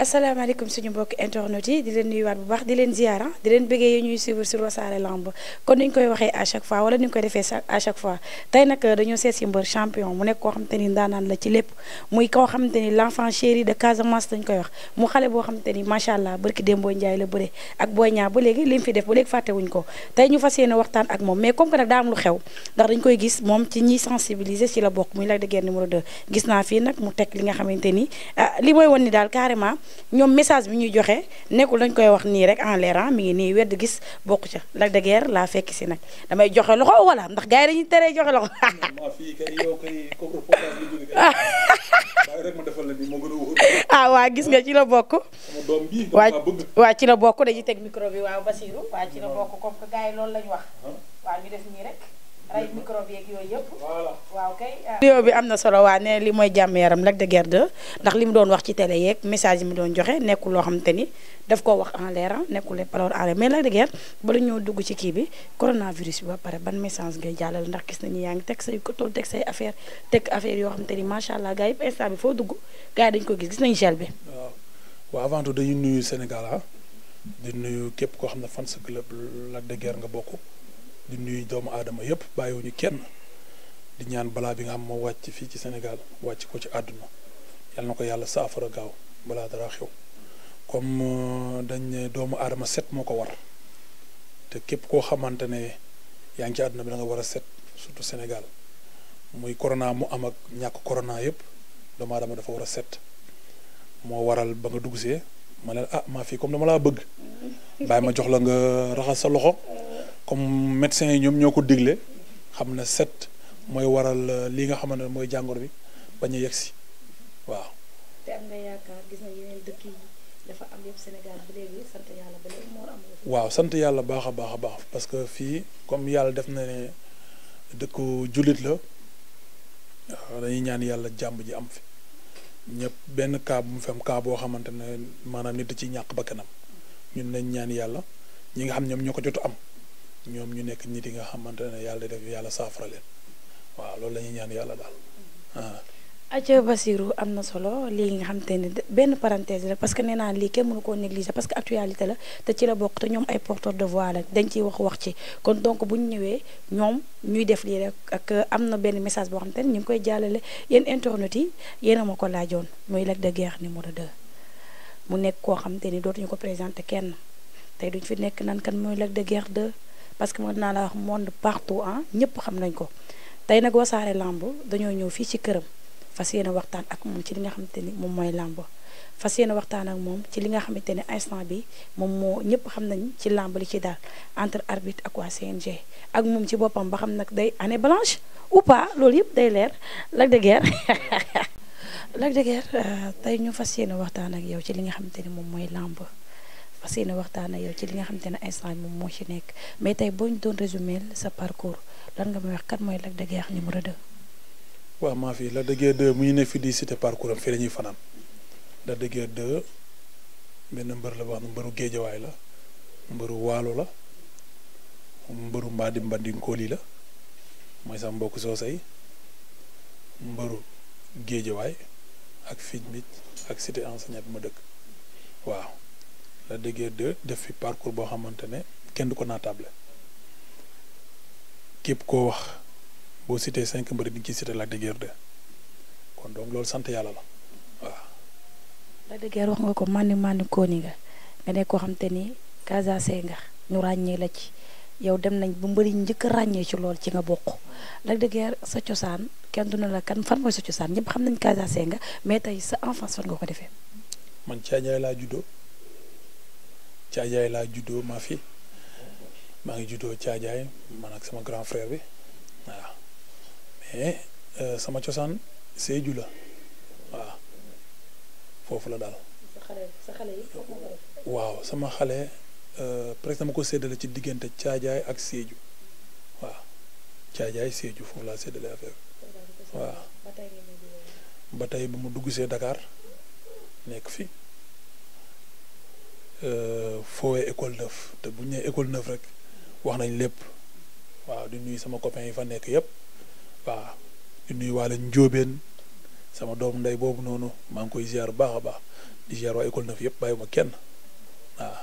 asalaamaaleykum suñu mbokk internet yi di leen nuyuwaat bu baax di leen ziyaara di leen bëggee yi ñuy suivre sur Wassare Lamb kon ni koy waxee à chaque fois wala ni ñu koy defee à chaque fois tey nag euh, dañoo seet si mbër champion ni ndaanaan la ci lépp muy koo xamante ni l'enfant chéri de dañ koy wax mu xale boo xamante ni macha allah barki Dembo Ndiaye la bëre ak Boy Niang ba léegi li mu fi def ba léegi fàtte wuñ ko tey ñu fas yéene waxtaan ak moom mais comme que nag daa am lu xew ndax dañ koy gis moom ci ñiy sensibiliser ci la bokk muy Lac gis naa fii nag mu teg li nga xamante ni ah, li mooy won ni daal carrément ñoom message bi ñuy joxe nekkul lañ koy wax nii rek en l'air ah, mi ngi nii wedd gis bokk ca Lac de laa fekk si nag damay joxe loxo wala ndax gaa yi dañuy teree joxe loxo. ah waa gis nga ci la bokk. waa waa ci la bokk dañuy teg micro bi waaw Basirou waa ci la bokk comme que gars yi loolu lañ wax. Ah. waa ñu def nii rek. rey microbe yëpp. waaw ah. bi am na solo waa ne li mooy jàmm yaram Lac de Guiers 2 ndax li mu doon wax ci télé yeeg message yi mu doon joxe nekkul loo xamante ni daf ko wax en l'air ah, nekkul les paroles en l'air mais Lac de Guiers ba la dugg ci kii bi coronavirus bi ba pare ban message ngay jàllale ndax gis nañu yaa ngi teg say tool teg say affaire teg affaire yoo xamante ni macha allah gars yëpp instant bi foo dugg gars yi dañu ko gis gis nañu gel bi. waaw waaw avant tout dañuy nuyu Sénégal ah di nuyu képp koo xam ne fan sa club Lac de Guiers nga bokk. di nuyu doomu aadama yëpp bàyyiwuñu kenn di ñaan balaa bi nga xam moo wàcc fii ci Sénégal wàcc ko ci àdduna yal na ko yàlla saafara gaaw balaa dara xew comme euh, dañ ne doomu aadama set moo ko war te képp koo xamante ne yaa ngi àdduna bi da nga war a set surtout Sénégal muy corona mu am ak ñàkk corona yëpp doomu aadama dafa war a set moo waral ba nga dugg see ma ne ah maa fii comme dama laa bëgg mbaay ma jox la nga raxas sa loxo. comme médecins yi ñoom ñoo ko digle xam na set mooy waral euh, li nga xamante ne mooy jàngor bi bañ a yegg si waaw. te sant yàlla ba baax a baax a baax parce que fii comme yàlla def na ne dëkku jullit la dañuy ñaan yàlla jàmm ji am fi ñëpp benn cas bu mu fi am boo xamante ne maanaam nit ci ñàkk bakkanam ñun nañ ñaan yàlla ñi nga xam ñoom ñoo ko jot am. ñoom ñu nekk nit yi nga xamante ne yàlla def yàlla saafara leen waaw loolu la ñuy ñaan yàlla daal ah. Aja am na solo lii nga xam te ne benn parenthèse la parce que nee naa lii kenn mënu koo négliger parce que actualité la te ci la bokk te ñoom ay porteur de voix la dañ ciy wax wax ci kon donc bu ñu ñëwee ñoom ñuy def lii rek ak am na benn message boo xam te ne ñu ngi koy jàllale yéen internet yi yéen a ma ko laajoon muy Lac de Guiers numéro 2 mu nekk koo xam ni dootuñu ko présenté kenn tey duñ fi nekk nan mooy Lac de Guiers parce que man naa la wax monde partout ah ñëpp xam nañ ko tey nag wasaare làmb dañoo ñëw fii ci këram fas yéene waxtaan ak moom ci li nga xamante ni moom mooy làmb fas yéene waxtaan ak moom ci li nga xamante ne instant bi moom moo ñëpp xam nañ ci làmb li ci daal entre arbitre ak waa CNG ak moom ci boppam ba xam nag day année blanche ou pas loolu yëpp day leer Lac de Guiers Lac de Guiers euh, tey ñu fas yéene waxtaan ak yow ci li nga xamante ni moom mooy làmb fas yéene waxtaan ak yow ci li nga xamante ne instant bi moom moo ci nekk mais tey boo ñu doon résumé sa parcours lan nga may wax kat mooy Lac de Guiers numéro 2. waaw maa fi Lac de Guiers mu ñu ne fii di cité parcours am fii la ñuy fanaan Lac de Guiers 2 mbër la boo xam ne mbëru géejawaay la mbëru waalo la mbëru mbaadi mbandinkóol yi la mooy sax mbokk soosay mbëru géejawaay ak fij mit ak cité enseignant bi ma dëkk waaw la dëggeer de def fi parcours boo xamante ne kenn du ko naatable képp koo wax boo cité cinq mbër bi ci cité la dëggeer de kon donc loolu sant yàlla la waaw. la dëggeer wax nga ko mànni mànni kooni nga nga ne koo xam te ni casacé nga ñu ràññee la ci yow dem nañ bu mbëri njëkk ràññee ci lool ci nga bokk la dëggeer sa cosaan kenn du la kan fan mooy sa cosaan ñëpp xam nañ casacé nga mais tey sa enfance fan nga ko defee. man Thiadiaye laa juddoo. Caajaay laa juddoo maa fi maa ngi juddoo Caajaay man ak sama grand frère bi voilà euh, sama cosaan Sédhiou la waaw foofu la daal. waaw sama xale euh, presque dama ko séddale ci diggante Caajaay ak Sédhiou waaw Caajaay Sédhiou foofu laa séddale affaire waaw ba tey bu mu dugg see Dakar nekk fi. Euh, foowee école neuf te bu ñu nee école neuf rek wax nañ lépp waaw di nuyu sama copain yi fa nekk yëpp waaw di nuyu waa lañ njóobeen sama doom ndey boobu noonu maa ngi koy ziar baax baax di ziar waa école neuf yëpp bàyyiwuma kenn waaw.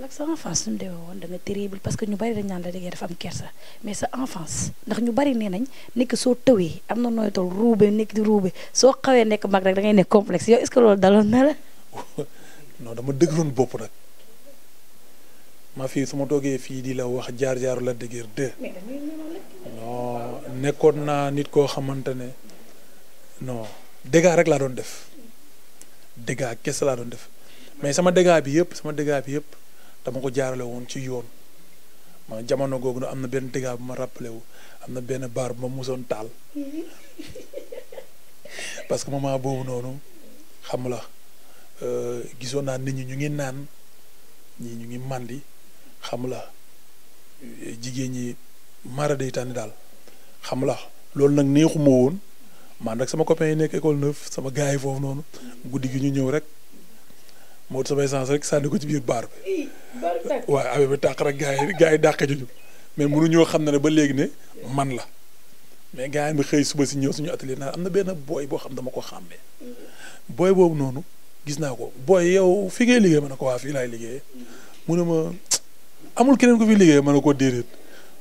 lak sa enfance suñu demee woon da terrible parce que ñu bari dañ naan la dangay def am kersa mais sa enfance ndax ñu bari nee nañ nekk soo tëwee am na nooy tool ruube nekk di ruube soo xawee nekk mag rek da ngay nekk complexe yow est-ce que non dama dëgëroon bopp nag ma fii su ma toogee fii di la wax jaar-jaaru la dëgër nekkoon naa nit koo xamante ne non dégâts rek laa doon def dégâts kese laa doon def mais sama dégâts bi yëpp sama dégâts bi yëpp dama ko jaarale woon ci yoon ma jamono googu nag am na benn dégâts bu ma rappelé wu am na benn baar bu ma musoon taal mhm. parce que moment boobu noonu xam la Euh, gisoon naa nit ñi ñu ngi naan ñii ñu ngi màndi xam la jigéen ñi mara day tànn daal xam la loolu nag neexuma woon man nag sama copain yi nekk école neuf sama gars yi foofu noonu guddi gi ñu ñëw rek moo samay sens rek sànni ko ci biir baar bi waaye affaire bi tàq rek gars yi gars yi dàqe juñu mais mënuñoo xam ne ne ba léegi ne man la mais gars bi xëy suba si ñëw suñu atelier naa am na benn booy boo xam dama ko xàmmee mm-hmm. booy boobu noonu gis naa ko booy yow fi ngay liggéey ma ne ko waa fii laay liggéey mu ne ma amul keneen ko fi liggéey man ne ko déedéet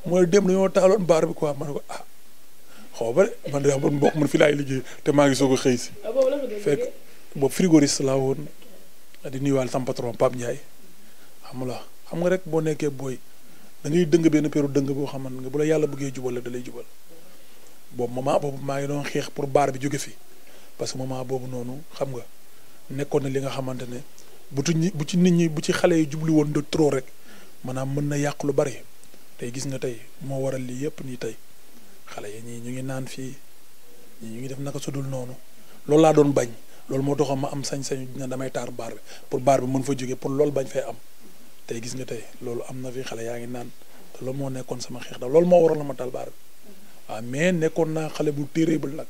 mooy dem dañoo taaloon baar bi quoi ma ne ko ah xaw ba man de man mbokk man fii laay liggéey te maa ngi soog xëy si. Ah, fekk boobu frigoriste laa woon di nuyuwaale sama Ndiaye xam xam nga rek boo nekkee booy da dëng benn péru dëng boo xamante nga bu la yàlla buggee jubal la da jubal boobu moment boobu maa ngi doon xeex pour baar bi jóge fi parce que moment boobu noonu xam nga. nekkoon na li nga xamante ne bu tuñ bu ci nit ñi bu ci xale yi jubli woon de trop rek maanaam mën na yàq lu bari tey gis nga tey moo waral lii yëpp nii tey xale yi ñii ñu ngi naan fii ñii ñu ngi def naka sudul noonu loolu laa doon bañ loolu moo taxoon ma am sañ-sañu dina damay taar baar bi pour baar bi mën fa jóge pour loolu bañ fay am tey gis nga tey loolu am na fi xale yaa ngi naan te loolu moo nekkoon sama xeex da loolu moo waral la ma taal baar bi mm-hmm. waaw mais nekkoon naa xale bu terrible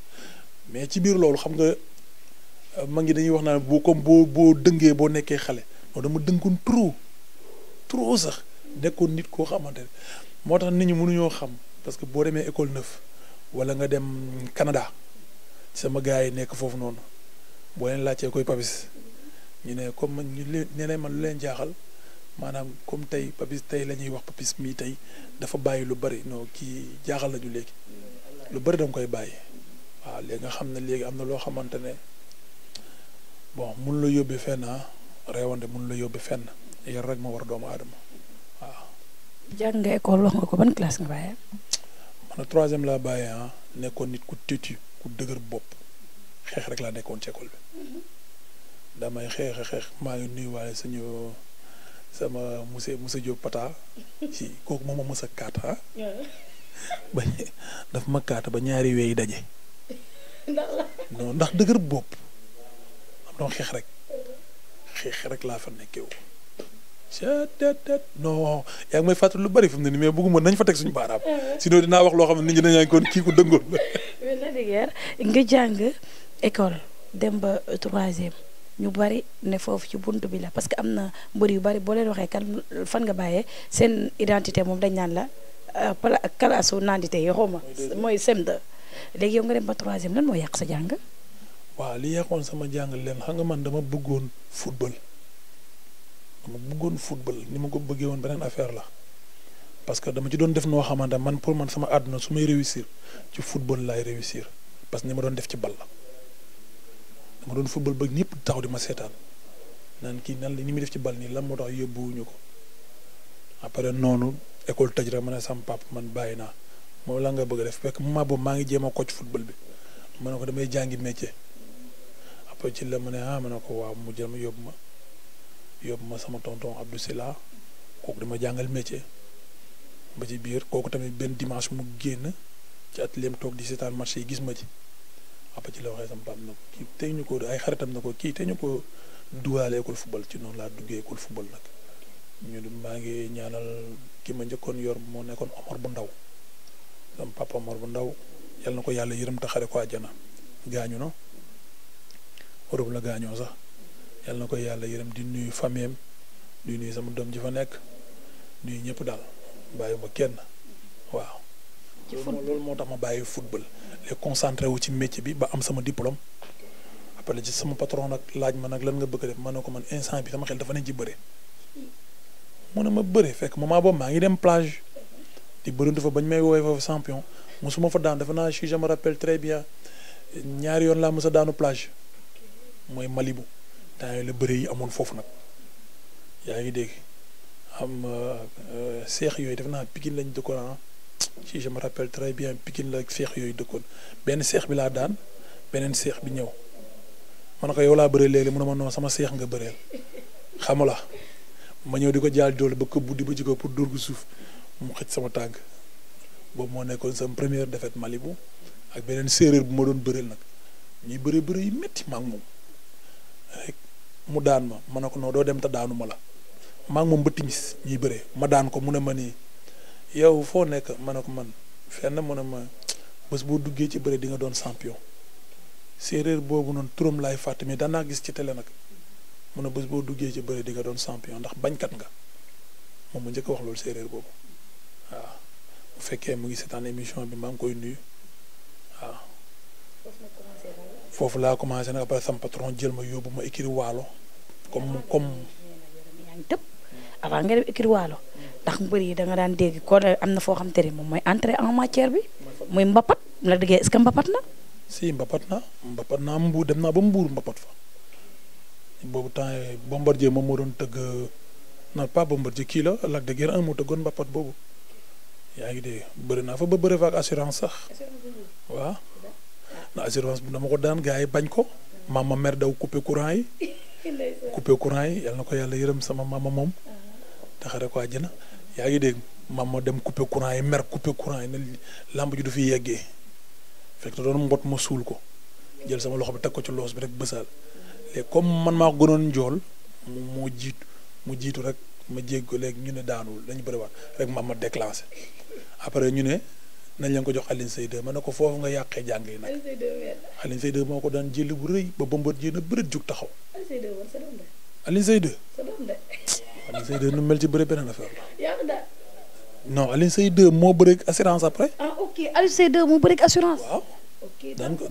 ma ngi dañuy wax naan boo comme boo boo dëngee boo nekkee xale moo dama dënkoon trop trop sax nekkoon nit koo xamante ne moo tax nit ñu mënuñoo xam parce que boo demee école neuf wala nga dem Canada sama gars yi nekk foofu noonu boo leen laajtee koy Papis ñu ne comme man ñu leen nee man lu leen jaaxal maanaam comme tey Papis tey la ñuy wax Papis mii tey dafa bàyyi lu bari noo kii jaaxal nañu léegi lu bari da koy bàyyi waaw léegi nga xam ne léegi am na loo xamante ne. bon mun la yóbbe fenn ah reewande mun la yóbbe fenn yar rek ma war doomu aadama waaw. jàng nga école wax nga ko ban classe nga bàyyee. man la troisième laa bàyyee ah nekkoon nit ku tëti ku dëgër bopp xeex rek laa nekkoon ci école bi mhm. damay xeex xeex maa ngi nuyuwaale suñu sama monsieur monsieur Diop Pata si kooku moom a mës kaat ah. ba ma kaat ba ñaari weey daje. non ndax dëgër bopp. non xeex rek xeex rek laa fa nekkee wu. non yaa ngi may fàttali lu bari fi mu ne nii mais bëgguma nañ fa teg suñu baaraam. sinon dinaa wax loo xam ne nit ñi ko kii ku nga jàng école dem ba troisième ñu bari ne foofu ci bunt bi la parce que am na mbër yu bari boo leen waxee kan fan nga bàyyee seen identité moom dañ naan la euh, pala kalaasu nandite yoo xaw ma mooy sem de léegi yow nga dem ba troisième lan mooy yàq sa jàng. waaw li yàqoon sama jàng leen xam nga man dama bëggoon football bëggoon football ni ma ko bëggee woon beneen affaire la parce que dama ci doon def noo xamante man pour man sama àdduna su may réussir ci football laay réussir parce que ni ma doon def ci bal la dama doon football ba ñëpp taxaw di ma seetaan naan kii nan la ni muy def ci ball nii lan moo tax yóbbuwuñu ko après noonu école tëj rek ma ne sama papa man bàyyi naa moom la nga bëgg a def fekk moment boobu maa ngi jéem a coach football bi ma ne ko damay jàngi métier. ba ci la ma ne ah ma ko waaw mu jël ma yóbbu ma yóbbu ma sama tonton Abdou Sila kooku dama jàngal métier ba ci biir kooku tamit benn dimanche mu génn ci at am toog di seetaan marché yi gis ma ci ah ci la waxee sama papa na ko kii tey ñu ko ay xaritam na ko kii ñu ko dugaale école football ci noonu laa duggee école football nag ñu maa ngi ñaanal ki ma njëkkoon yor moo nekkoon Omar bu ndaw sama papa Omar bu ndaw yal na ko yàlla yërëm taxare ko àjjana gaañu na. Europe la gaañoo sax yal na koy yàlla yërëm di nuyu famiyam di nuyu sama doom ji fa nekk nuyu ñëpp daal bàyyi ma kenn waaw. ci loolu moo tax ma bàyyi football. les concentré wu ci métier bi ba am sama diplôme. après ci sama patron nag laaj ma nag lan nga bëgg def man ne ko man instant bi sama xel dafa ne ci bëre. mu na ma bëre fekk moment boobu maa ngi dem plage. di bërindu fa bañ may woowee foofu champion musuma fa daan dafa naa si je rappelle très bien ñaari yoon laa mës a mooy Malibu temps la bëre yi amoon foofu nag yaa ngi dégg xam euh, euh, seex yooyu def naa Pikine lañ dëkkoon ah. si je me rappelle très bien Pikine la seex yooyu dëkkoon benn seex bi laa daan beneen seex bi ñëw man ko yow laa bëree léegi mu ne ma non sama seex nga bëreel xamula ma ñëw di ko jaal doole ba ko buddi ba jiko pour dóor gu suuf mu xëj sama tànk boobu moo nekkoon sama première défaite Malibu ak beneen séeréer bu ma doon bëreel nag ñuy bëri bëri yi métti rek mu daan ma ma ne ko non doo dem te daanu ma la maa ngi moom ba timis ñuy bëree ma daan ko mu a ma nii yow foo nekk ma ne ko man fenn mu a ma bés boo duggee ci bëre di nga doon champion séeréer boobu noonu turam laay fàtte mais danaa gis ci télé nag mu ne bés boo duggee ci bëre di nga doon champion ndax bañkat nga moom mu njëkk wax loolu séeréer boobu waaw bu fekkee mu ngi seetaan émission bi maa ngi koy nuyu. foofu laa commencé nag après sama patron jël ma yóbbu ma écrit waalo comme comme. yaa ngi tëb mbër yi da nga daan dégg ko am na foo xam te ne moom mooy entrée en matière bi. muy mbapat la déggee est-ce que mbapat na. si mbapat na mbapat naa mbuur dem naa ba mbuur mbapat fa boobu temps bombardier moom moo la Lac de Guiers 1 moo mbapat boobu yaa ngi dégg bëri naa fa ba bëri fa assurance sax waaw. na assurance bi dama ko daan gars yi bañ ko maama mer daw coupé courant yi coupé courant yi yal na ko yàlla yërëm sama maama moom taxare ko àjjana yaa ngi dégg maam maama dem coupé courant yi mer coupé courant yi ne làmb ji du fi yeggee fekk na doon mbot ma suul ko jël sama loxo bi teg ko ci loos bi rek bësaal léegi comme man maa ko gënoon njool moo jiit mu jiitu rek ma jégg ko léegi ñu ne daanuwul dañu bëriwaat rek ma déclenché après ñu ne nañ leen ko jox Alioune Seye 2 ma ne ko foofu nga yàqee jàng yi nag moo ko daan jëli bu rëy ba bëmbët ji na bërët jug nu mel ci bëre beneen affaire la non Alioune Seye 2 moo bëre ah, ko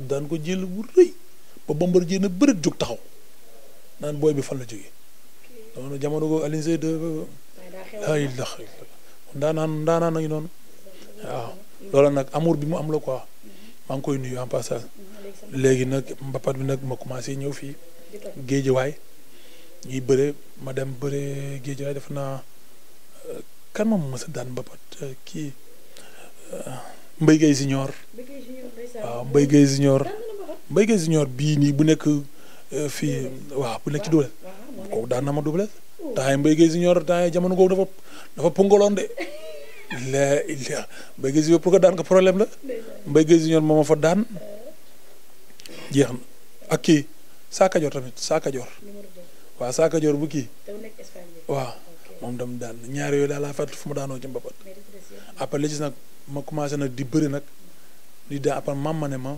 daan jëli bu rëy ba bëmbët ji na bërët jug taxaw naan booy bi fan la jógee noonu jamono googu Alioune nañu noonu waaw loolu nag amour bi mu am la quoi maa ngi koy nuyu en passage léegi nag mbapat bi nag ma commencé ñëw fii géejawaay ñuy bëre ma dem bëre géejawaay def naa euh, kan moom mës a daan mbapat euh, kii euh, Mbaye Guèye Junior waaw Mbaye Guèye Junior Mbaye Guèye bii nii bu nekk fii waaw bu nekk ci Double Less kooku daan na ma Double taa temps yi Mbaye Guèye Junior temps yi jamono pungaloon de la illa Mbaye Guèye Junior pour que daan ko problème la Mbaye Guèye moom fa daan jeex na ak kii Saaka Joor tamit Saaka Joor waaw Saaka Joor bu kii waaw moom dam daan ñaar yooyu daal laa fàttali fu ma daanoo ci mbapat après li nag ma commencé nag di bëri nag di daan après mamma ne ma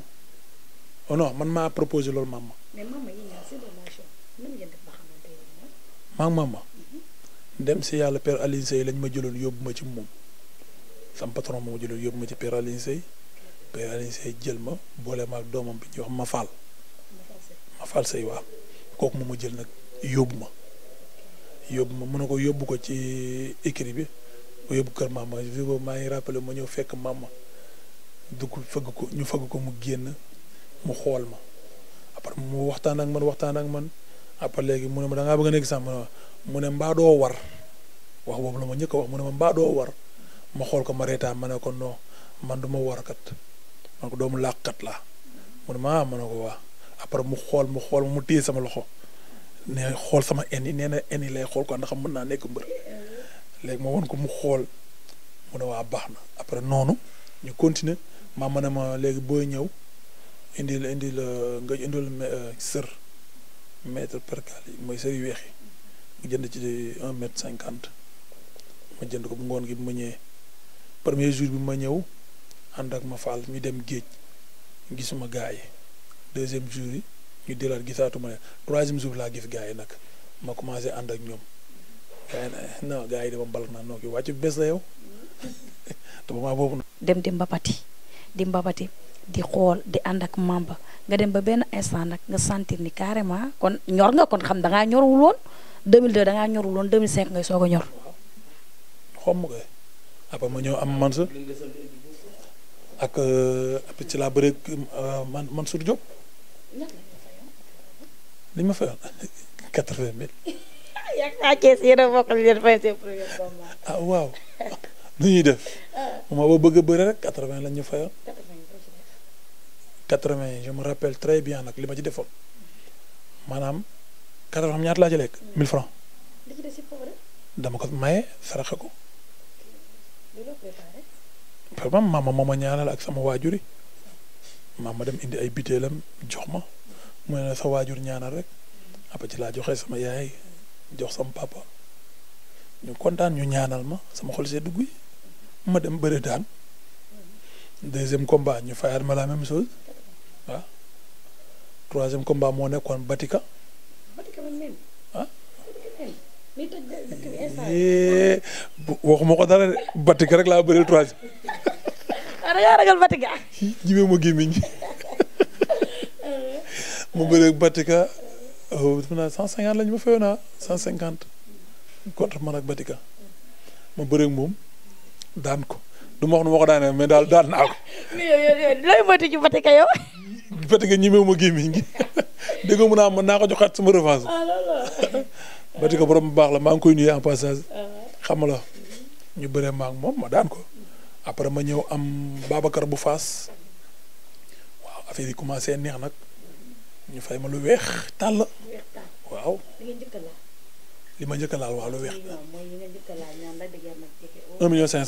oh man maa proposé loolu mamma. mais mamma dem si yàlla per Alioune lañ ma jëloon yóbbu ma ci moom. sam patron moo ma jëloon yóbbu ma ci Père Alioune Seye Père Alioune jël ma boole ma ak doomam bi ñuy wax Mafal Mafal Seye waaw kooku moo ma jël nag yóbbu ma yóbbu ma mën na ko yóbbu ko ci écrit bi ba yóbbu kër maam ma fi maa ngi rappelé ma ñëw fekk maam ma dugg fëgg ko ñu fëgg ko mu génn mu xool ma après mu waxtaan ak man waxtaan ak man après léegi mu ne ma da ngaa bëgg a nekk sax mu ne mbaa doo war wax boobu la ma njëkk wax mu ne ma mbaa doo war. ma xool ko ma reetaan ma ne ko noo man du ma warkat man ko doomu làqkat laa mu ne ma ah, ma ko waa après mu xool mu xool mu téye sama loxo ne xool sama en yi nee na en yi lay xool ko ndax mën naa nekk mbër léegi ma won ko mu xool mu ne waa baax na après noonu ñu continuer ma ma ne ma léegi booy ñëw indi la indi euh, nga indil euh, sër mètre percale yi mooy sër yu weex nga jënd ci un mètre cinquante ma jënd ko bu ngoon gi bu ma ñëwee premier jour bi ma ñëw ànd ak ma faal ñu dem géej gisuma gars yi deuxième jour yi ñu delaat gisaatuma ne troisième jour laa gis gars yi nag ma commencé ànd ak ñoom gars yi non gars yi dama mbalak naa noo ki wàcc bi bés la yow dem di mbapati di mbapati di xool di ànd ak membre nga dem ba benn instant nag nga sentir ni carrément kon ñor nga kon xam da ngaa ñorwul woon 2002 da ngaa ñorwul woon 2005 ngay soog a ñor. après ma ñëw am Mansour ak euh, après ci laa bëre euh, man Mansour Diop li ma fayoon quatre vingt mille. ah waaw nu ñuy def ah. ma ba bëgg a bëre rek quatre vingt lañ ñu fayoon. quatre vingt je me rappelle très bien nag li ma ci defoon maanaam quatre vingt ñaata laa ci lekk mille francs dama ko maye saraxe ko. vraiment maama moo ma ñaanal ak sama waajur yi ma dem indi ay biteelam jox ma mu ne sa waajur ñaanal rek après ci laa joxe sama yaay jox sama papa ñu kontaan ñu ñaanal ma sama xol see dugg yi ma dem bëre daan deuxième combat ñu fayaat ma la même chose waaw troisième combat moo nekkoon Batika. Batika Eh, waxuma ko dara de Batika rek la bëreel trois. ah da ngaa Batika. jiwee ma gémmiñ ma bëree Batika oh, defe naa cent cinquante lañ ma fayoo naa ah, cent cinquante contre man ak Batika ma bëree moom daan ko du ma wax nu ma daanee mais daal daan naa ko. mais yow yow Batika yow. Batika ñimewu gi dégg nga naa mën naa ko joxaat sama revanche. Ah, bati ko borom bu baax la maa ngi koy nuyu en passage. Ah xam la ñu bëree ma moom ma daan ko. après ma ñëw am Babacar bu Faas waaw yi commencé neex nag ñu fay ma lu weex tàll. ma njëkk laal waaw lu weex. un million cinq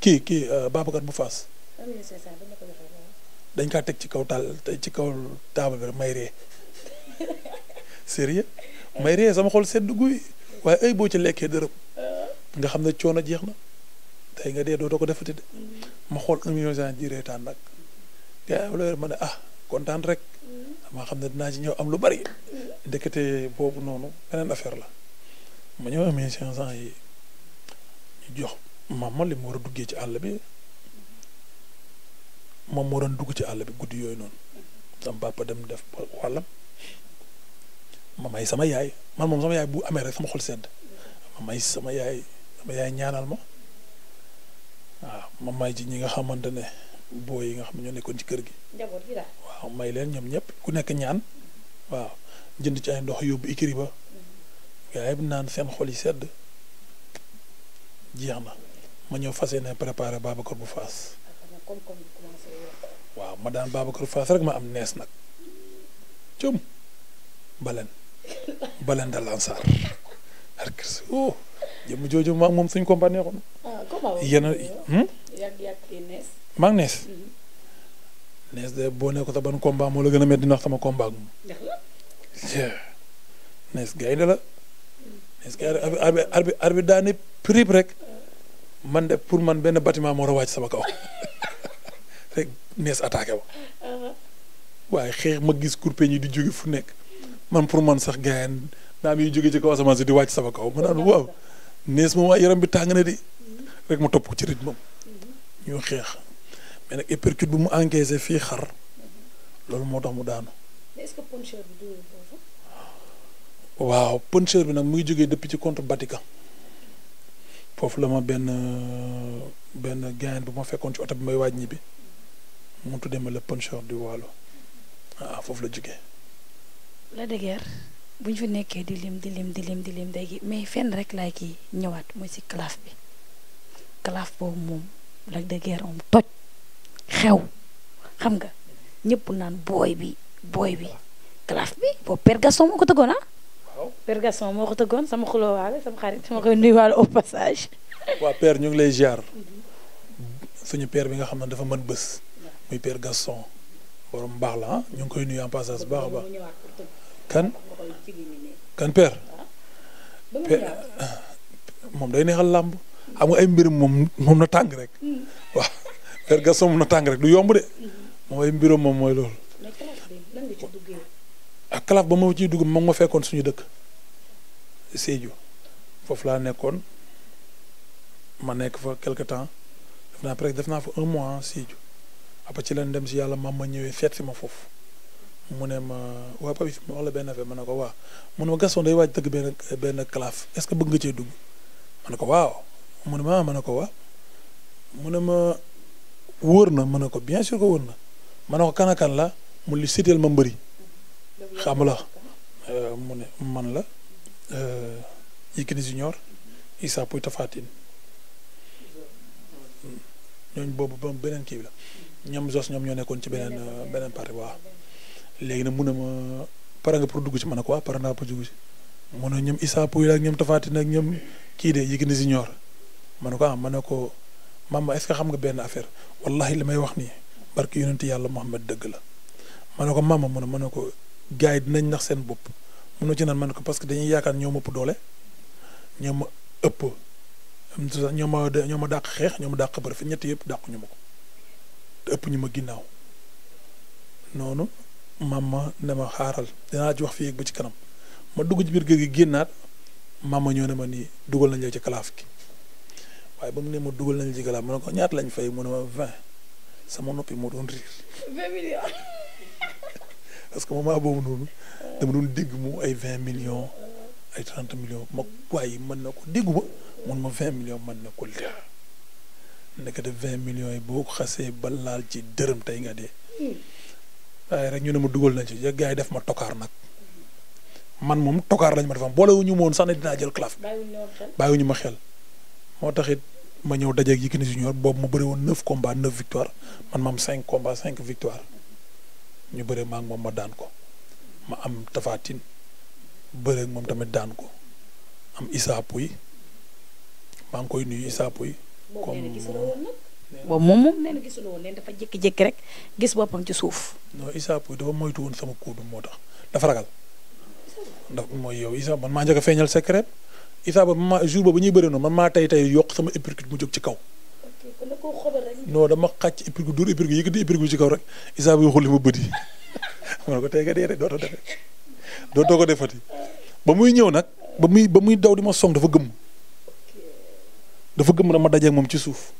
kii kii euh, bu Faas. dañ ka teg ci kaw taal ci kaw taabal bi may ree sérieux may ree sama xol sedd guy waaye ay boo ci lekkee dërëm nga xam ne coono jeex na tey nga dee doo ko defati de ma xool un million cent nag gars ma ne ah, kontaan rek ma xam ne dinaa ci am lu bari ndekete boobu noonu beneen affaire la ma ñëw un million cinq yi jox maman li mu war a duggee ci àll bi moom moo doon dugg ci àll bi guddi yooyu noonu sama papa dem def wàllam ma may sama yaay man moom sama yaay bu amee rek sama xol sedd ma may sama yaay ñaanal ma waaw ma may ci ñi nga xamante ne boo yi nga xam ne ñoo nekkoon ci kër gi. may leen ñoom ñëpp ku nekk ñaan waaw jënd ci ay ndox yóbbu ikiri ba mm-hmm. gars yi naan seen xol yi sedd jeex na ma ñëw fas yéene préparé Babacar bu Faas. waaw ma daan Babacar bu Faas rek ma am nees nag. cum baleen Balendal Ansar ak oh jëmm jooju ma moom suñ combat neexoon. ah combat a. Hmm? yàgg nees. Mhm. nees. de boo nekkoon sa ban combat moo la gën a métti ndax sama combat ak moom. ndax la. nees gaynde la. Mm. nees gaynde arbi arbi arbi prip rek. Ah. man de pour man benn bâtiment moo war a wàcc sama kaw rek nees attaqué wa ah. waaye xeex ma gis kurpeñ yi di jóge fu nekk. man pour man sax gaayaan daa am yuy jóge ci kaw asamaan si di wàcc sama kaw ma naan waaw nees moom ay yaram bi tàng na di rek ma topp ko ci rythme ñu xeex mais nag épercute bu mu encaissé fii xar loolu moo tax mu daanu. waaw puncheur bi nag muy jógee depuis ci contre Batika foofu la ma benn benn gain bu ma fekkoon ci oto bi may waaj ñibbi mu tuddee ma le puncheur du Waalo waaw ah, foofu la jóge la dëgër bu ñu fi nekkee di lim di lim di lim di lim day gi mais fenn rek laay kii ñëwaat mooy si calaf bi calaf boobu moom la dëgër moom toj xew xam nga ñëpp naan booy bi booy bi calaf bi boobu Père Gaston moo ko tëggoon ah. waaw Gaston moo ko tëggoon sama xuloowaale sama xarit sama koy nuyuwaale au passage. waa Père ñu ngi lay ziar mhm. suñu Père bi nga xam ne dafa mën bés muy Père Gaston borom baax la ah? ñu ngi koy nuyu en passage baax baax. kan kan père moom day neexal làmb xam nga ay mbirum moom moom na tàng rek waaw père Gaston moom na tàng rek du yomb de moom ay mbirum moom mooy loolu ak calaf ba ma ciy dugg moom ma fekkoon suñu dëkk Sédhiou foofu laa nekkoon ma nekk fa quelque temps def naa naa fa un mois Sédhiou après ci leen dem si yàlla maam ma ñëwee feet si ma foofu mu ne ma waa Pape fi ma la benn affaire ma ne ko waaw mu ne ma Gaston day waaj tëgg benn benn calaf ce que bëgg nga cee dugg ne ko waaw mu ne ma ah, ma ne ko waaw ne ma wóor na ma ne ko bien sûr que wóor na ma ne ko kan la mu li siteel ma mbëri xam la euh, mu ne man la euh, Yékini Junior Issa Pouye Tapha Tine hmm. ñooñ boobu ba beneen kii la ñoom Zos ñoom ñoo nekkoon ci beneen euh, beneen parti waaw léegi nag mun na ma pare nga pour dugg ci man a quoi pare naa pour dugg ci mu ne ñoom Issa Pouye la ak ñoom Tapha Tine ak ñoom kii de Yékini Junior ma ne ko ah ma ne ko maama est-ce que xam nga benn affaire wallahi li may wax nii barke yonent yàlla Muhammad dëgg la ma ne ko maama mu ne ma ne ko gars yi dinañ nax seen bopp mun na ci naan ma ne ko parce que dañuy yaakaar ñoo ma ëpp doole ñoo ma ëpp ñoo ma ñoo ma dàq xeex ñoo ma dàq bëri fi ñett yëpp dàq ñu ma ko te ëpp ñu ma ginnaaw noonu maam ma ne ma xaaral dinaa ci wax fii ba ci kanam ma dugg ci biir géej gi génnaat maam ma ñoo ne ma nii dugal nañ la ci kalaaf gi waaye ba mu ne ma dugal nañ la ci kalaaf ne ko ñaata lañ fay mu ne ma vingt noppi moo doon riir. que moment boobu noonu dama doon dégg mu ay vingt millions ay trente millions ma waaye mën na ko déggu ma mun ma vingt millions na ko vingt millions yi boo xasee ba laal ci dërëm tey nga dee. Hmm. waaye rek ñu ne ma dugal nañ ci yëg gars yi def ma tokaar nag man moom tokaar lañ ma defam boolewuñu ma woon sax ne dinaa jël claf bi ñu ma xel moo taxit ma ñëw dajeeg Yékini Junior boobu ma bëri woon neuf combats neuf victoire man ma am cinq combats cinq victoire ñu bëri ma ak moom ma daan ko ma am tafaatin Tine bëri moom tamit daan ko am Issa yi maa ngi koy nuyu Issa yi comme boobu moom moom nee na leen dafa jékki-jékki rek gis boppam ci suuf. non Issa Pouye dafa moytu woon sama kuudu moo tax dafa ragal. ndax mooy yow Issa man maa njëkk a feeñal secret Issa ba ma jour boobu ñuy bëri noonu man maa tey tey yokk sama uppercut mu jóg ci kaw. non dama xàcc uppercut dur uppercut yëkkati uppercut ci kaw rek Issa bi li ma bëri ma ne ko tey nga dee dootoo defee dootoo ko defati ba muy ñëw nag ba muy ba muy daw di ma song dafa gëmm dafa gëmm dama dajeeg moom ci suuf.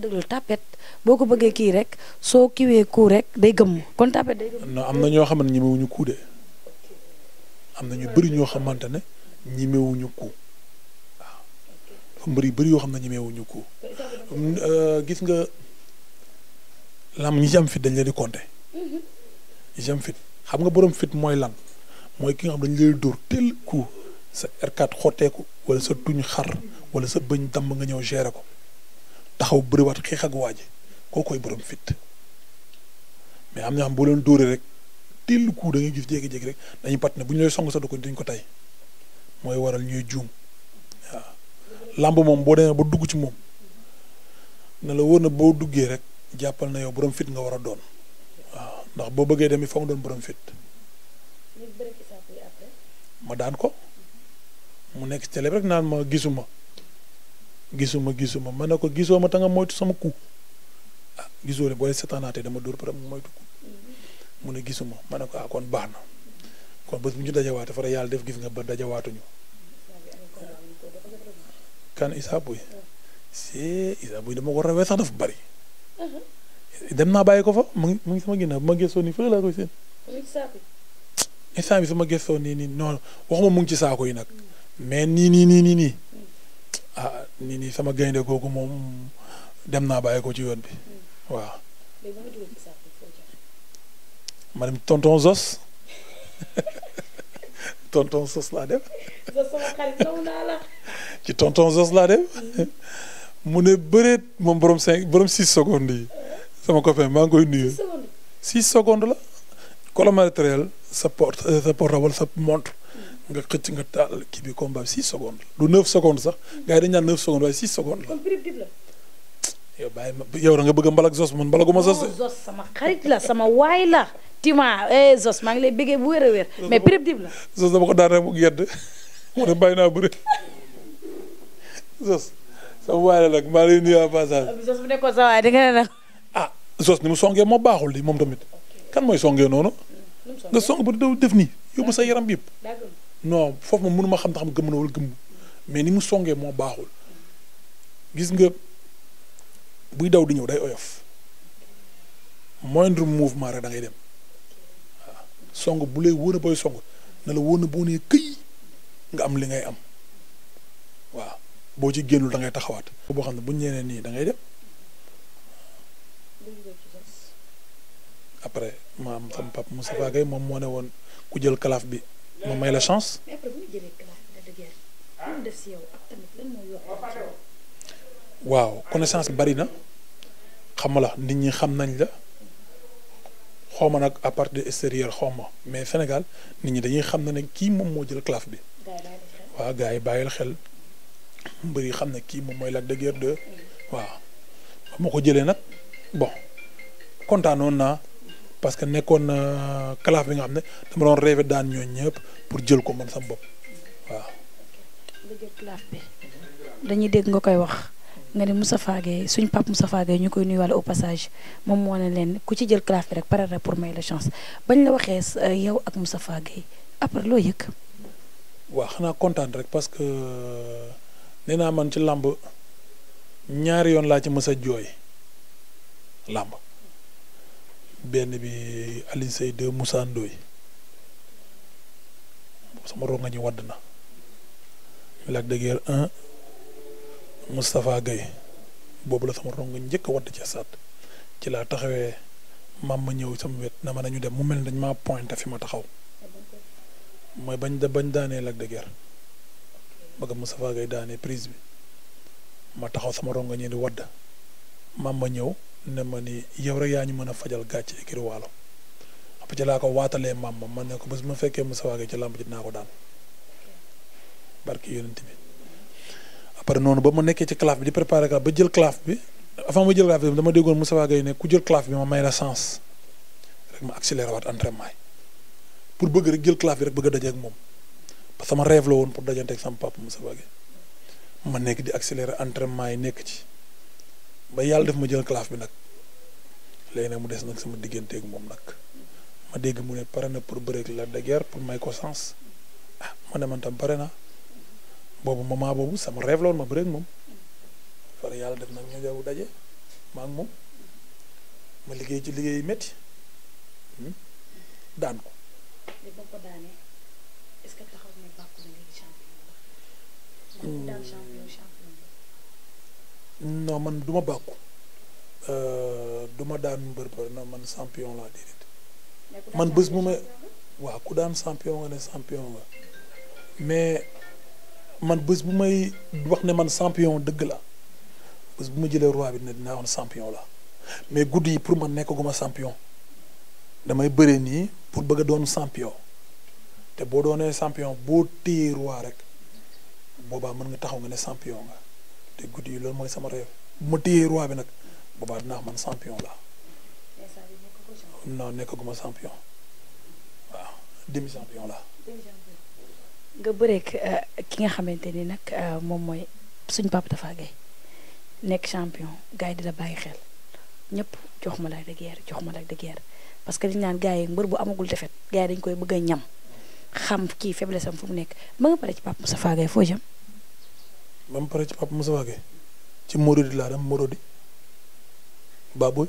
dëglu tapet boo ko bëggee kii rek soo kiwee kuu rek day gëmm kon tapet day gëmm. am na ñoo xam ne ñemewuñu kuu de am na ñu bëri ñoo xamante ne ñemewuñu kuu waaw yu bëri yoo xam ne ñemewuñu kuu euh, gis nga lam ñi ci am fit dañ leen di compter ñi ci am fit xam nga borom fit mooy lan mooy ki nga xam dañ leen di dóor tel kuu sa r xotteeku wala sa tuñ xar wala sa bëñ damm nga ñëw gérer ko. taxaw bëriwaat xeex ak waaje koo koy borom fit mais am na xam boo leen dóoree rek teel ku da gis jékki-jékki rek dañuy pat bu ñu lay song sa ko duñ ko tay mooy waral ñuy juum waaw làmb moom boo demee ba dugg ci moom ne la wóor na boo duggee rek jàppal na yow borom fit nga war a doon waaw ndax boo bëggee dem fa nga doon borom fit ma daan ko mu nekk ci télé rek naan ma gisuma gisuma gisuma ma ne ko gisoo ma ta nga moytu sama coup ah gisoo ne booy setaanaatee dama dóor pare moytu coup mm-hmm. mun ne gisuma ma ne ko ah kon baax na kon bés bu ñu dajawaatee fara yàlla def gis nga ba dajawaatuñu. kan Issa Pouye si dama ko rawee sax dafa bari mm-hmm. dem naa bàyyi ko fa mu ngi mu ngi sama ginnaaw bu ma gëstoo nii fële laa koy seen instant bi sama gëstoo nii nii non waxuma mu ngi ci saako yi nag mm. mais nii nii nii nii nii ah nii nii sama gaynde kooku moom dem naa bàyyi ko ci yoon bi hmm. waaw. ma dem tonton Zos tonton Zos laa dem. ci tonton Zos laa dem. Hmm. mu ne bëreet moom borom cinq borom six secondes yi sama copain maa ngi koy nuyu. six secondes la. colomaritrel sa porte euh, sa portable sa nga xëcc nga taal kii bi combat bi 6 secondes du 9 secondes sax gars yi dañu naan 9 secondes waaye 6 secondes la. yow bàyyi ma yow da nga bëgg a mbalak Zos man mbalagu ma Zos de. sama xarit la sama waay la. Tima eh, Zos maa ngi lay bëggee bu wér a wér. mais béréb dib la. Zos dama ko daan rek mu yedd mu ne bàyyi naa bëri Zos sama waay la nag maa ngi lay nuyu passage. Ah, Zos bu sa waay di nga ne nag. ah Zos ni mu songee moo baaxul di moom tamit. kan mooy songee noonu. Hmm, nga song ba daw def nii yóbbu sa yaram bi non foofu moom mënu ma xam taxam gëm na wala gëmm mais ni mu songee moo baaxul gis nga buy daw di ñëw day oyof moindre mouvement rek da ngay dem waaw song bu lay wóor a booy song na la wóor boo nee këy nga am li ngay am waaw boo ci génnul da ngay taxawaat. boo xam ne bu ñeenee nii dangay dem après maam sama papa Moustapha Gueye moom moo ne woon ku jël kalaaf bi. moom may la chance. waaw connaissance bi bari na xam la nit ñi xam nañ la xawma nag à part de extérieur xawma mais Sénégal nit ñi dañuy xam na ne kii moom moo jël classe bi. waaw gars yi bàyyil xel mbër yi xam ne kii moom mooy Lac de Guiers 2 waaw ma ko jëlee nag bon kontaanoon naa. parce que nekkoon na kalaaf euh, bi nga xam ne dama doon rêvé daan ñooñ ñëpp pour jël ko man sama bopp waaw. nga dañuy dégg nga koy wax nga ne Moustapha Gueye suñ pap Moustapha Gueye ñu koy nuyuwaale au passage moom moo ne leen ku ci jël kalaaf bi rek pare na pour may la chance bañ la waxee euh, yow ak Moustapha Gueye après loo yëg. waaw xanaa kontaan rek parce que euh, nee naa man ci làmb ñaari yoon laa ci mës a jooy làmb. benn bi Alioune Seye de Moussa Ndoye sama ronga wadd na Lac de Guiers 1 boobu la sama ronga njëkk wadd ci sat ci laa taxawee maam ma ñëw sama wet na ma nañu dem mu mel dañ maa pointé fi ma taxaw mooy bañ da bañ daanee Lac de Guiers bëgg Moustapha Gueye daanee prise bi ma taxaw sama ronga ñi wadd mam ma ñëw ne ma ni yow rek yaa ñu mën a fajal gàcce ngir waalo après ci laa ko waatalee maam ma man ne ko bés ma fekkee Moussa Wagué ci làmb ji dinaa ko daan barke yonent bi après noonu ba ma nekkee ci claf bi di préparer claf ba jël claf bi avant ma jël claf bi dama déggoon Moussa Wagué ne ku jël claf bi ma may la sens rek ma accéléré waat entraînement yi pour bëgg rek jël claf bi rek bëgg a daje moom parce que sama rêve la woon pour dajante ak sama papa Moussa Wagué ma nekk di accéléré entraînement yi nekk ci. ba yàlla def ma jël classe bi nag léegi nag mu des nag sama digganteeg moom nag ma dégg mu ne pare na pour bëreeg la de guerre pour may ko sens ah ma ne man tam pare na boobu moment boobu sama rêve la ma bëreeg moom far yàlla def nag ñu jaw daje ma ak moom ma liggéey ci liggéey métti hmm? daan ko. non man duma ma bàkku euh, du ma daan mu bër na man champion laa déedéet man bés bu ma waaw ku daan champion nga ne champion mais man bés bu may wax ne man champion dëgg la bés bu ma jëlee roi bi ne dinaa woon champion la mais guddi yi pour man nekkaguma champion damay bëre nii pour bëgg doon champion te boo doonee champion boo téye roi rek boobaa mën nga taxaw nga ne champion nga te guddi yi loolu mooy sama réew bu ma téyee roi bi nag boobaa dinaa man champion la non nekkaguma champion waaw demi champion la nga bëreeg euh, ki nga xamante ni nag euh, moom mooy suñ papa Tapha Gueye nekk champion gars yi di la bàyyi xel ñëpp jox ma Lac de Guiers jox ma Lac de Guiers parce que dañ naan gars yi mbër bu amagul defet gars dañ koy bëgg a ñam xam kii faiblesse am fu mu nekk ba nga pare ci papa Tapha Gueye foo jëm ba mu pare ci Papa Moussa Gueye ci Morodi laa dem Morodi Baboy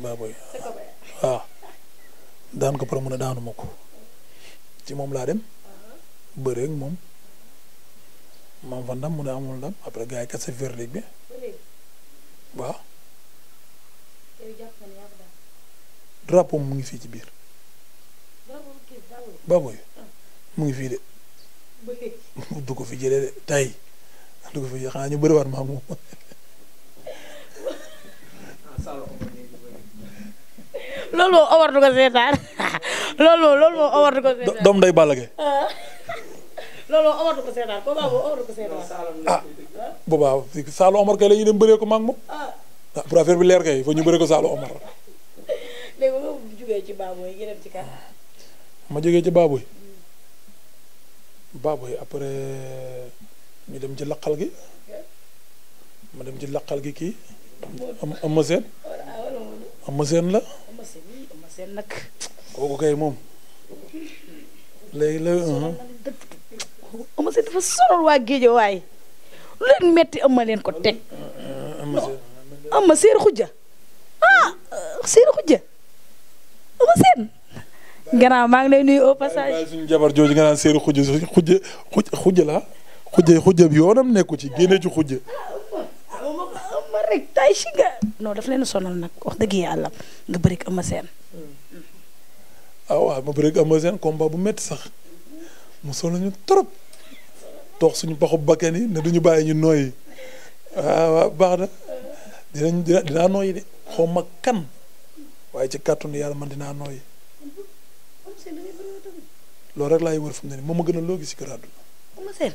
Baboy waaw daan ko pare mu ne daanu ma ko ci moom laa dem uh-huh. bëreeg moom maam fa ndam mu amul ndam après gars yi kat sa verdict bi waaw drapeau mu ngi fii ci biir Baboy ah. mu ngi fii de. du ko fi jëlee de tey du ko fi jëlee xanaa ñu bëriwaat maa moom. loolu moo Omar du ko seetaan loolu moo loolu moo ah. Omar du ko seetaan. ah boobaa Saalum Omar kay la dem bëree ko moom. Ah. ah pour affaire bi leer kay foo ñu bëree ko Omar. ma jugee ci baaboo ñu dem ci kaa. ci baaboo baaboy après ñu dem ci laqal gi ma dem ci laqal gi kii am ama seen ama seen la nag kooku kay moom léegi la ama seen dafa sonal waa géej waaye lu leen metti am ma leen ko teg ama seen xujja ah seen xujja ama seen gannaaw maa ngi ne nuyu au passage. waaye suñu jabar jooju nga naan séeru xujj xujj la xujj xujj bi yoonam nekku ci génne ju xujj. ma rek tay leen sonal nag wax dëgg yàlla nga bëri ak Eumeu Sène. ah waaw ma bu metti sax mu sonal ñu trop toog suñu baxu bakkan ne duñu bàyyi ñu nooy ah waaw baax na dinañ dina dinaa nooyi de xaw ma kan waaye ci kàttanu yàlla man dinaa nooyi. loolu rek laay wër fu mu ne nii moom ma gën a loo gis si kër àdduna. ma seen.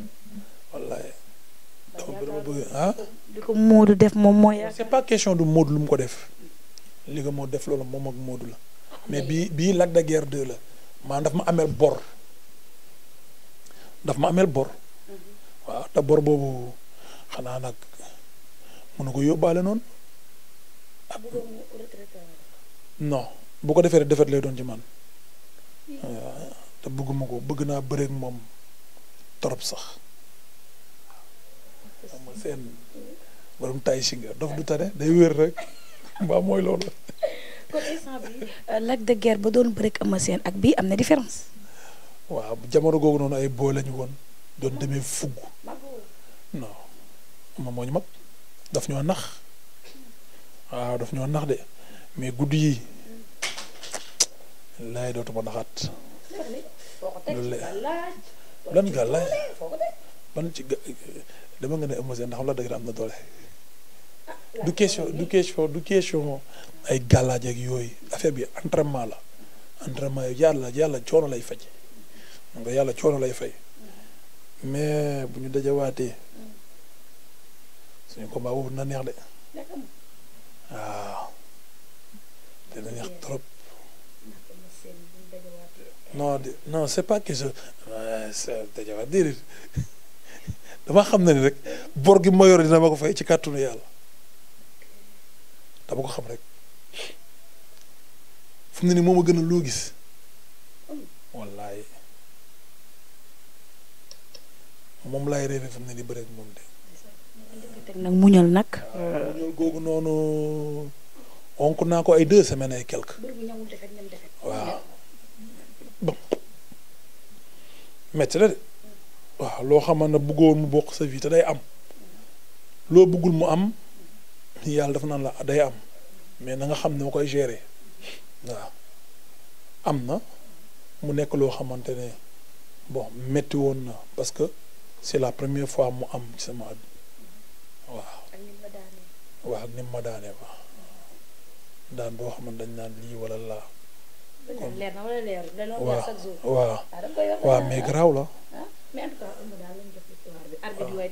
wallaay. dama dama bëgg ah. li ko Moodu def moom mooy. c' est pas question du Moodu lu mu ko def. li ko Moodu def loolu moom ak Moodu la. mais bii bii Lac de Guiers 2 la maanaam daf ma ameel bor. daf ma ameel bor. waaw te bor boobu xanaa nag mënu ko yóbbaale noonu. Ah, non bu ko defee rek defet lay doon ci man. waaw. te bëgguma ko bëgg naa bëreeg moom trop sax waaw ma seen borom du tane day wér rek mbaa mooy loolu kon bi euh, de Guiers ba doon bëreeg Eumeu Sène ak bii am na différence waaw jamono googu noonu ay booy lañu woon doon demee fugg non ma moo ñu daf ñoo nax waaw daf ñoo nax de mais gudd yi mm. laay dootuma naxaat lan nga laaj ban ci dama nga ne Eumeu Sène ndax la dëgg am na doole. Ah, du question du du question ay gàllaaj ak yooyu affaire bi entraînement la entraînement yi yàlla yàlla coono lay faj nga yàlla coono lay fay mais bu ñu dajawaatee suñu combat boobu na neex de waaw dina neex trop. non non c'est pas question daja wax xam na ni rek bor gi mayor yor dina ma ko fay ci kàttanu yàlla dama ko xam rek fu mu ne nii moom a gën a loo gis wallaay moom laay réeré fam mu ni nii bëreeg moom de. teg nag muñal nag. Ah, muñal googu noonu onk naa ko ay deux semaine et quelques. metti na de waaw loo xaman ne bëggoon mu bokk sa vie day am loo buggul mu am yàlla dafa naan la day am mais na nga xam ne koy gérer waaw am na mu nekk loo xamante ne bon metti woon na parce que c'est la première fois mu am ci sama at waaw waaw ak ni ma daanee ba daan boo xaman dañ naan lii wala laa leer na wala ah, mais garaaw la. Ah, mais en tout waa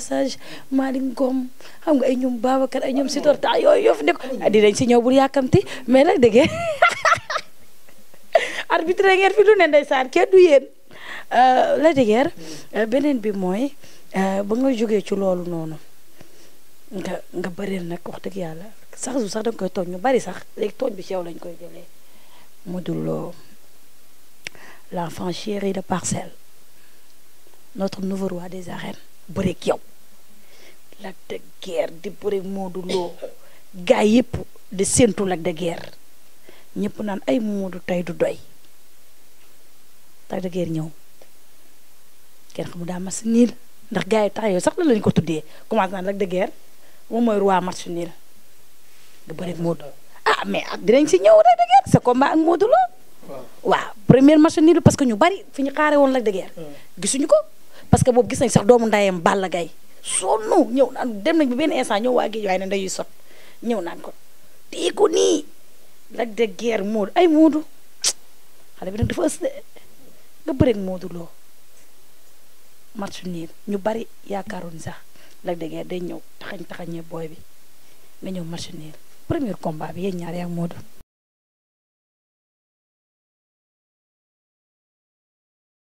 xam nga ay ñoom Babacar ay ñoom Sitor temps yooyu ah, yàkkamti mais nag dégg ngeen arbitre ngeen fi lu ne ndeysaan kenn du yéen euh, la dégg hmm. euh, beneen bi mooy euh, ba nga jógee ci loolu noonu nga nga bëreel nag wax dëgg yàlla. sax su sax da koy tooñ ñu bari sax léegi tooñ bi ci yow lañ koy jëlee Modou Lo euh, l'enfant chéri de Parcelles notre nouveau roi des arènes bëreeg yow lag de Guiers di bëreeg Modou Lo gaa yëpp di séentu Lac de Guiers ñëpp naan ay du tey du doy Lac de Guiers ñëw kenn xamul daa mas niil ndax gaa yi tax yooyu sax la lañ ko tuddee commencé naan Lac de Guiers moom mooy roi match niil nga bëreeg Modou ah ak dinañ si ñëw rek de guerre waaw première match nii parce que ñu bari fi ñu xaare woon Lac de gisuñu ko parce que boobu gis sax doomu ndayam Balla Gaye sonnu ñëw naan dem nañ ba benn instant ñëw waa géej waaye ne sot ñëw naan ko téye ko ay Modou bi nag dafa ës de nga ñu bari yaakaaroon sax Lac de Guiers day ñëw taxañ taxañee booy bi nga ñëw match premier combat bi yéen ñaar yaa ak